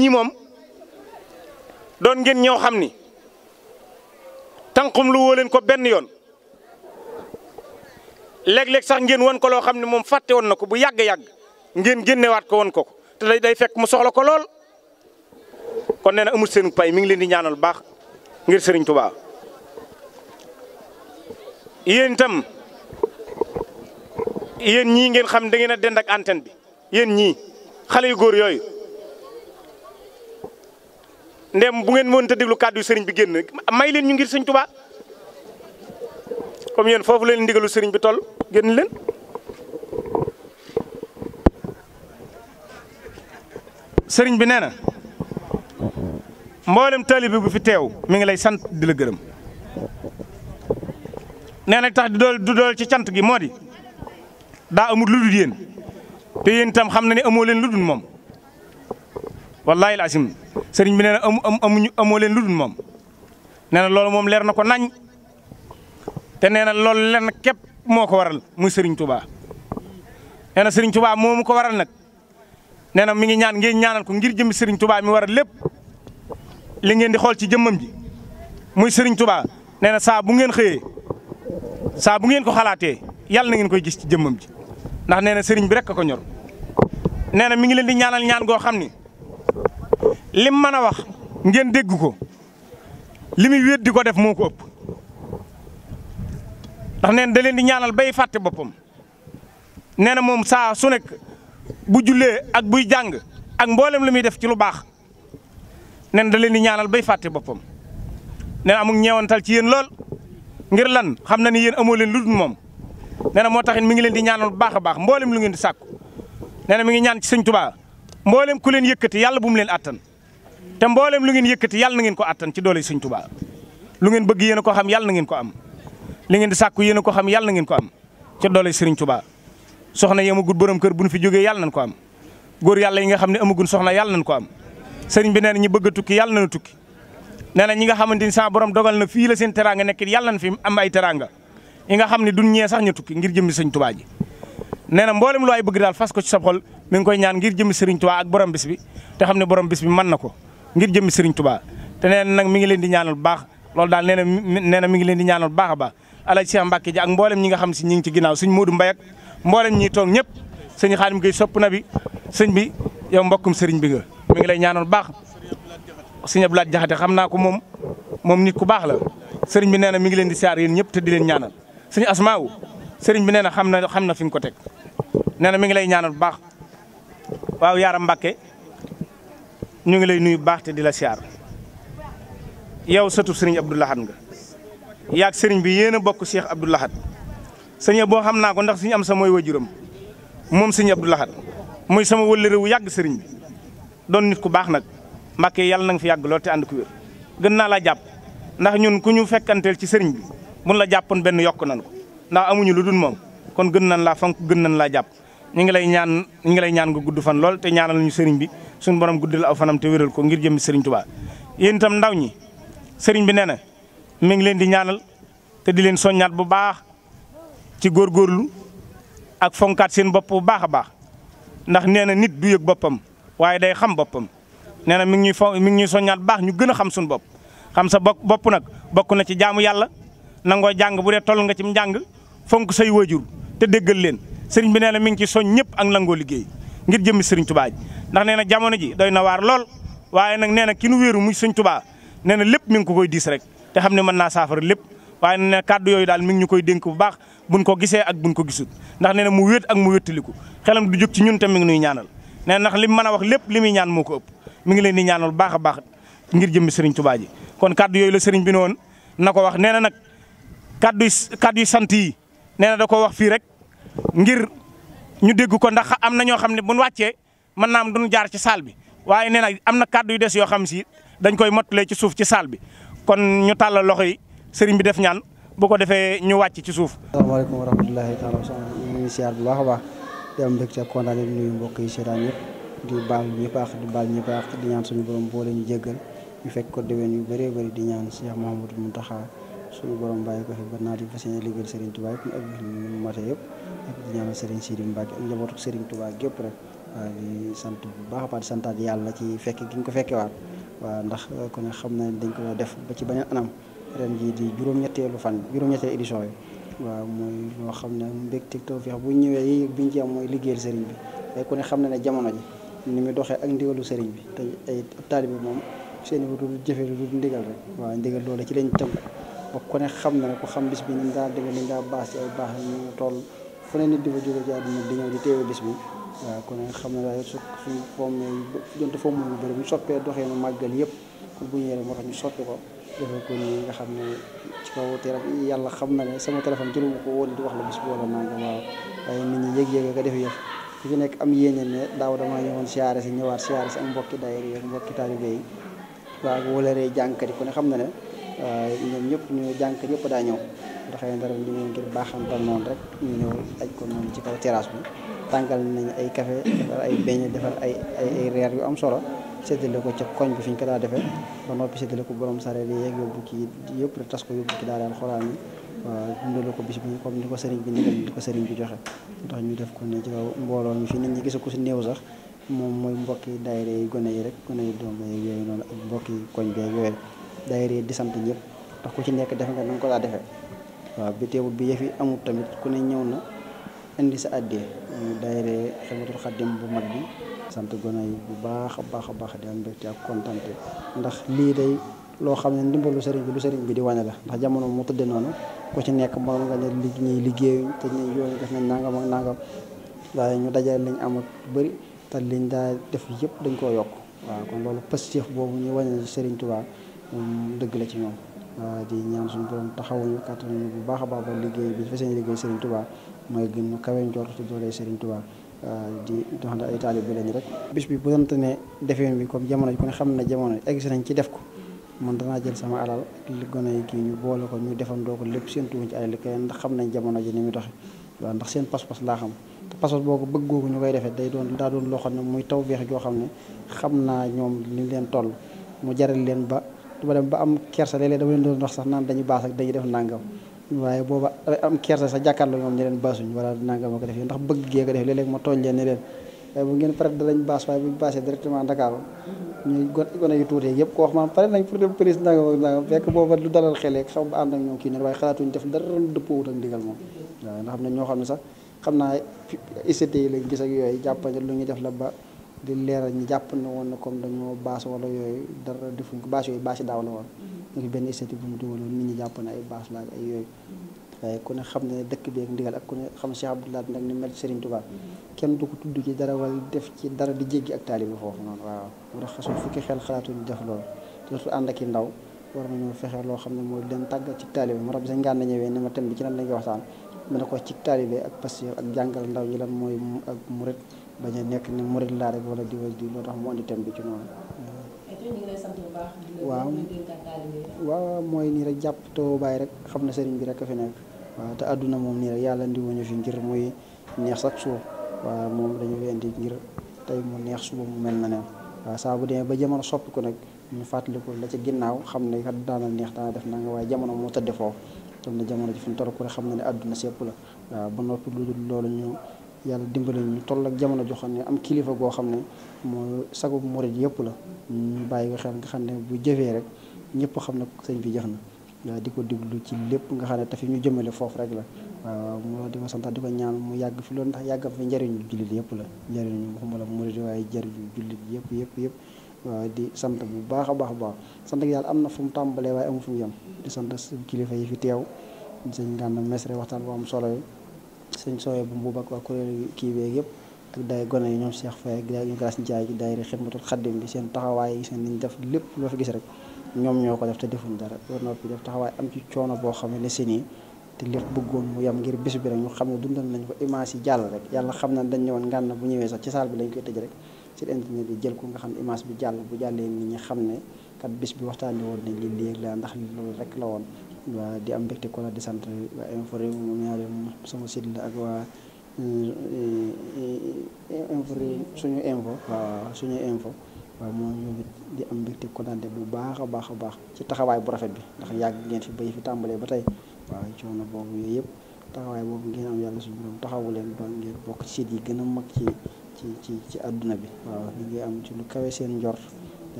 ñi moom doon ngeen ñëw xam ni tànqum lu woo leen ko benn yoon léeg-léeg sax ngeen won ko loo xam ne moom fàtte woon na ko bu yàgg-yàgg ngeen génnewaat ko won ko ko te day day fekk mu soxla ko lool kon nee na amul seen pay mi ngi leen di ñaanal baax ngir sëriñ Tuubaa yéen tam yéen ñii ngeen xam da ngeen a dend ak antenne bi yéen ñii xale yu góor yooyu ndem bu ngeen mënta déglu kàddu yu sëriñ bi génn may leen ñu ngir sëñ Tuubaa comme yéen foofu leen ndigalu sëriñ bi toll génn leen sëriñ bi nee na mboolem taalibe bu fi teew mi ngi lay sant di la gërëm nee na tax di du dool ci cant gi moo di daa amul lu dul yéen te yéen tam xam na ne amoo leen lu dul moom laa laasim sëriñ bi nee na amu amuñu amoo leen lu dul moom nee na loolu moom leer na ko nañ te nee na loolu lenn képp moo ko waral muy sëriñ Touba. nee na sëriñ moo mu ko waral nag nee na mi ngi ñaan ngeen ñaanal ko ngir jëmmi sëriñ Touba mi waral lépp li ngeen di xool ci jëmmam ji muy sëriñ tubaa nee na saa bu ngeen xëyee saa bu ngeen ko xalaatee yàlla na ngeen koy gis ci jëmmam ji ndax nee na sëriñ bi rek a ko ñor nee na mi ngi leen di ñaanal ñaan goo xam ni. lim mën a wax ngeen dégg ko li muy wéet di ko def moo ko ëpp ndax neen da leen di ñaanal bay fàtte boppam nee na moom saa su nekk bu jullee ak buy jàng ak mboolem lu muy def ci lu baax neen da leen di ñaanal bay fàtte boppam nee na amul ñeewantal ci yéen lool ngir lan xam na ni yéen amoo leen lu dul moom nee na moo taxit mi ngi leen di ñaanal bu baax baax mboolem lu ngeen di sàkku nee na mi ngi ñaan ci sëñ tubaa mboolem ku leen yëkkati yàlla bu leen attan te mboolem lu ngeen yëkkati yàlla na ngeen ko attan ci doole Sëñ Tuubaa lu ngeen bëgg yéen ko xam yàlla na ko am li ngeen di sàkku yéen ko xam yàlla na ngeen ko am ci doole Sëriñ Tuubaa soxna yi amagut bërëm kër bu ñu fi jógee yàlla nañ ko am góor yàlla yi nga xam ne amagun soxna yàlla nañ ko am sëriñ bi nee na ñi bëgg a tukki yàlla nañu tukki nee na ñi nga xamante ni sa borom dogal na fii la seen teraanga nekk yàlla nañ fi am ay teraanga yi nga xam ne duñ ñee sax ñu tukki ngir jëmmi Sëriñ Tuubaa ji nee na mboolem lu bëgg daal fas ko ci sa xol mi ngi koy ñaan ngir jëmmi Sëriñ Tuubaa ak borom bi te xam ne borom bis bi mën na ko ngir jëmmi Serigne Touba te nee nag mi ngi leen di ñaanal bu baax loolu daal nee na nee na mi ngi leen di ñaanal bu baax a baax alaaj Cheikh Mbacke ji ak mboolem ñi nga xam si ñi ngi ci ginnaaw suñ Modou Mbaye ak mboolem ñi toog ñëpp sëñ Xaadim Gueye sopp na bi sëñ bi yow mbokkum Serigne bi nga mi ngi lay ñaanal bu baax sëñ Abdoulaye Jaxate xam naa ko moom moom nit ku baax la bi nee na mi ngi leen di siyaar yéen ñëpp te di leen ñaanal sëñ Asmaaw sëriñ bi nee na xam na xam na fi nga ko teg nee na mi ngi lay ñaanal bu baax waaw Yaara mbake ñu ngi lay nuyu baax te di la siyaar yow sëtu sëriñ Abdou nga yaag sëriñ bi yéen a bokk Cheikh Abdou Lahad sëñ boo xam naa ko ndax suñu am sama mooy wajuram moom sëñ Abdou Lahad muy sama wëllëre wu yàgg sëriñ bi doon nit ku baax nag Mbàkke yàlla na nga fi yàgg lool te ànd ku wér gën naa laa jàpp ndax ñun ku ñu fekkanteel ci sëriñ bi mun la jàppoon benn yokk nan ko ndax amuñu lu dul moom kon gën nan laa fonk gën nan laa jàpp ñu ngi lay ñaan ñu ngi lay ñaan nga gudd fan lool te ñaanal ñu sëriñ bi suñu borom guddal aw fanam te wéral ko ngir jëm sëriñ Tuubaa yéen itam ndaw ñi sëriñ bi nee na mi ngi leen di ñaanal te di leen soññaat bu baax ci góor góorlu ak fonkaat seen bopp bu baax a baax ndax nee na nit du yëg boppam waaye day xam boppam nee na mi ngi ñuy fo mi ngi ñuy soññaat baax ñu gën a xam suñu bopp xam sa bopp bopp nag bokk na ci jaamu yàlla nangoo jàng bu dee toll nga ci njàng fonk say waajur te déggal leen sëriñ bi nee na mi ngi ci soñ ñëpp ak nangoo liggéey ngir jëmmi sëriñ tubaa ji ndax nee na jamono ji doy na waar lool waaye nag nee na ki nu wéeru muy sëriñ tubaa nee na lépp mi ngi ko koy diis rek te xam ne mën naa saafara lépp waaye nee na kàddu yooyu daal mi ngi ñu koy dénk bu baax buñ ko gisee ak buñ ko gisut ndax nee na mu wéet ak mu wéttaliku xelam du jóg ci ñun tam mi ngi nuy ñaanal nee na ndax li mu mën a wax lépp li muy ñaan moo ko ëpp mi ngi leen di ñaanal baax a baax ngir jëmmi sëriñ tubaa ji kon kàddu yooyu la sëriñ bi ne na ko wax nee na nag kàddu kàddu sant yi nee na da ko wax fii rek ngir ñu dégg ko ndax am na ñoo xam ne bu ñu wàccee mën naa am duñu jaar ci saal bi waaye nee na am na kàddu yu des yoo xam si dañ koy mottalee ci suuf ci saal bi kon ñu tàllal loxo yi sëriñ bi def ñaan bu ko defee ñu ci suuf. asalaamaaleykum wa rahmatulahi taala wa ñu ngi siyaar bu baax a baax di am mbégte kontaan ak mbokk yi seetaan yëpp di baal ñëpp aax di baal ñëpp aax di ñaan suñu borom boole ñu jéggal ñu fekk ko déwén yu bëree bëri di ñaan Cheikh Mouhamadou Mountakha suñu borom bàyyi ko fi ba naa di fas yéene liggéeyal Serigne Touba yëpp ñu yëpp ak di ñaanal Serigne Sidi Mbacke ak rek waaw sant bu baax a santaat yàlla ci fekke gi ñu ko fekkewaat waaw ndax ku ne xam na dañ ko def ba ci beneen anam ren jii di fan juróom-ñetteelu édition waaw mooy loo xam ne mbégteeg tawfeex bu ñëwee bi ñu ci mooy liggéeyal Serigne bi day xam na ne jamono ji ni mu doxee ak ndigalu sëriñ bi te ay taalibe moom seen i wutu jëfe lu dul ndigal rek waa ndigal loola ci lañ tënk ba ku ne xam na ne ku xam bis bi ni mu daa demee ni mu daa baax ci ay baax ñu toll fu ne nit di fa jóge ci di xam ne daal su suñu fomm donte fomm yu bëri bu ñu soppee doxee nu màggal yëpp bu ñëwee rek moo tax soppi ko defee ko nii nga xam ne ci kaw te yàlla xam na ne sama téléphone jëluma ko woon di wax la bis bi wala maa ngi waaw waaye nit ñi yëg-yëg nga def yëf ku ci nekk am yéene ne daaw damaa ñëwoon siyaare si ñëwaat siyaare si am mbokki daayira yi mbokki taalibe yi waaw wala ree jànkari ne xam na ne ñoom ñëpp ñu jànk ñëpp daa ñëw ndaxëy dara ñu ñëw ngir baaxam tam noonu rek ñu ñëw aj ko noonu ci kaw terrasse bi tàngal nañ ay kafe defar ay beñe defar ay ay reer yu am solo séddale ko ca koñ bi fi ñu ko daa defee ba noppi séddale ko borom sare bi yóbbu kii yëpp de tas ko yóbbu ki daal alxuraan yi waaw ko bisi bi comme ni ko sëriñ bi ndigal di ko sëriñ bi joxe ndox ñu def ko ne ci kaw mbooloo mi fi nit ñi gisa ko si néew sax moom mooy mbokki daayira yi gone yi rek gone yi doom yi yooyu noonu ak mbokki koñ bi daayira di sant ñëpp tax ku ci nekk defe nga na ko daa defee waaw bi bi yëf yi amul tamit ku ne ñëw na indi sa àddee muy daayira Xidmatul Xaadim bu mag bi sant gone yi bu baax a baax a baax a di am mbégte ak kontante ndax lii day loo xam ne ndimbalu sëriñ bi lu sëriñ bi di wane la ndax jamono mu tëdde noonu ku ci nekk mënoon nga ne li ñuy liggéey te ñu yooyu def nañ nangam ak nangam waaye ñu dajale liñ am ak bëri te liñ daa def yëpp dañ koo yokk waa kon loolu boobu ñu wane sëriñ Tuubaa dëgg la ci ñoom ah, di ñaan suñu borom taxawuñu kàttanuñu bu baax baax ba liggéey bi fa seen liggéey Serigne Touba mooy gën mu kawe njort ci doole Serigne Touba ah, di dox na ay taalibe lañu rek. bis bi bu ne defeen bi comme jamono ji ku ne xam na jamono egg si nañ ci def ko ñu boole ko ñu defandoo ko lépp seen tuuti ci ay liggéey ndax xam nañ jamono ji ni muy doxee waaw ndax seen pas laa xam. te pasos boo ko bëggoo ko ñu koy defee day doon daa doon loo ne muy taw beex joo xam ne xam naa ñoom li leen toll mu jaral leen ba dama dem ba am kersa léeg-léeg dama leen doon wax sax naan dañuy baas ak dañuy def nangam waaye booba am kersa sax jàkkaarloo ñu ko def ndax bëgg gee ko def léeg-léeg ma tooñ leen ne eh, ndigal moom waaw ndax ne ñoo xam ne sax xam naa ICT yi lañ def la ba di leeral ñu jàpp na woon na comme dañoo baas wala yooyu dara defuñ ko baas yooyu baas yi daaw la woon ñu mm-hmm. ngi benn statut bu mu dugaloon nit ñi jàpp na ay baas laak ay yooyu mm-hmm. waaye ku ne xam ne dëkk bi ak ndigal ak ku ne xam Cheikh Abdoulaye nag ni mel Serigne Touba mm-hmm. kenn du ko tudd ci dara wala def ci dara di jéggi ak taalibe foofu noonu waaw mu tax xasul fukki xel xalaatu di def loolu surtout ànd ak i ndaw war nañoo fexe loo xam ne mooy leen tàggat ci taalibe mu rab sañ ngaan na ñëwee ni ma thème bi ci lan lañ koy waxtaan mu ne ko ci taalibe ak pasteur ak jàngal ndaw ñi lan mooy ak murit bañ nekk ni murid laa rek wala diwa di loo tax mu andi thème bi ci noonu. waaw waaw mooy nii rek jàpp too bàyyi rek xam na sëriñ bi rek a fi nekk. waaw te àdduna moom nii rek yàlla indi wuñu fi ngir muy neex sax suuf waaw moom dañu fi indi ngir tey mu neex suba mu mel na ne waaw saa bu demee ba jamono soppi ko nag ñu fàttaliku la ci ginnaaw xam ne kat daana neex daana def na waaye jamono moo tëdd foofu. xam ne jamono ji fi mu ko rek xam na ne àdduna sépp la waaw yàlla dimbale ñu toll ak jamono joo xam ne am kilifa goo xam ne moo sagu murid yëpp la ñu bàyyi ko xel nga xam ne bu jëfee rek ñëpp xam ne sëñ bi jëf na waaw di ko diglu ci lépp nga xam ne tafi ñu jëmale foofu rek la waaw mu di ko santa di ko ñaan mu yàgg fi loolu ndax yàggam fi njëriñu jullit yëpp la njëriñu waxuma la murid waaye njëriñu jullit yëpp yëpp yëpp waaw di sant bu baax a baax a baax sant yàlla am na fu mu tàmbalee waaye amu fu mu yem di sant kilifa yi fi teew sëñ Gana Messere waxtaan bu am solo sëñ sooye bu mbuub ak waa kii beeg yëpp ak day gone yi ñoom Cheikh Faye ak daay ñu gaas jaay gi daayira xidmatul xaddim bi seen taxawaay yi seen niñ def lépp loo fi gis rek ñoom ñoo ko def te defuñ dara war noppi def taxawaay am ci coono boo xam ne si nii te lépp bëggoon mu yem ngir bis bi rek ñu xam ne dundal nañ ko image yi jàll rek yàlla xam na dañ ñëwoon ngànn bu ñëwee sax ci saal bi lañ koy tëj rek ci internet bi jël ko nga xam ne image bi jàll bu jàllee ni ñi xam ne kat bis bi waxtaan waxtaanee woon nañ li léeg la ndax loolu rek la woon waa di am mbégte kon santre sant waa Infos Rewmi moom ñaare moom ak waa euh, euh, suñu info waaw suñu info waa moom ñoom it di am mbégte kontaante bu baax a baax a baax ci taxawaay bu rafet bi ndax yàgg ngeen fi bay fi tàmbalee ba tey waaw coono boobu yooyu yëpp taxawaay boobu ngeen am yàlla suñu borom taxawu leen ba ngeen bokk ci site yi gën a mag ci ci ci ci àdduna bi waaw li ngi am ci lu kawe seen njor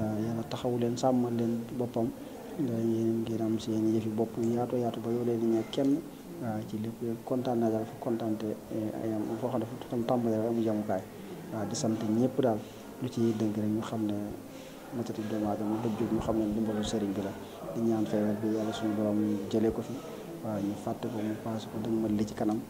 waaw yàlla taxawu leen sàmmal leen boppam ndax yéen ngeen am seen yëfi bopp yaato yaatu ba yow leen ñu kenn waaw ci lépp kontaan na daal fu kontaan te eh, ayam foo xam ne fu tam tàmbale rek amu jamukaay waaw di sant ñëpp daal lu ci dënk ñu xam ne matati doomu aadama dëj jóg ñu xam ne dimbalu sëriñ bi la di ñaan feebar bi yàlla suñu borom jëlee ko fi waaw ñu fàtte ko mu paase ko dëgg ma li ci kanam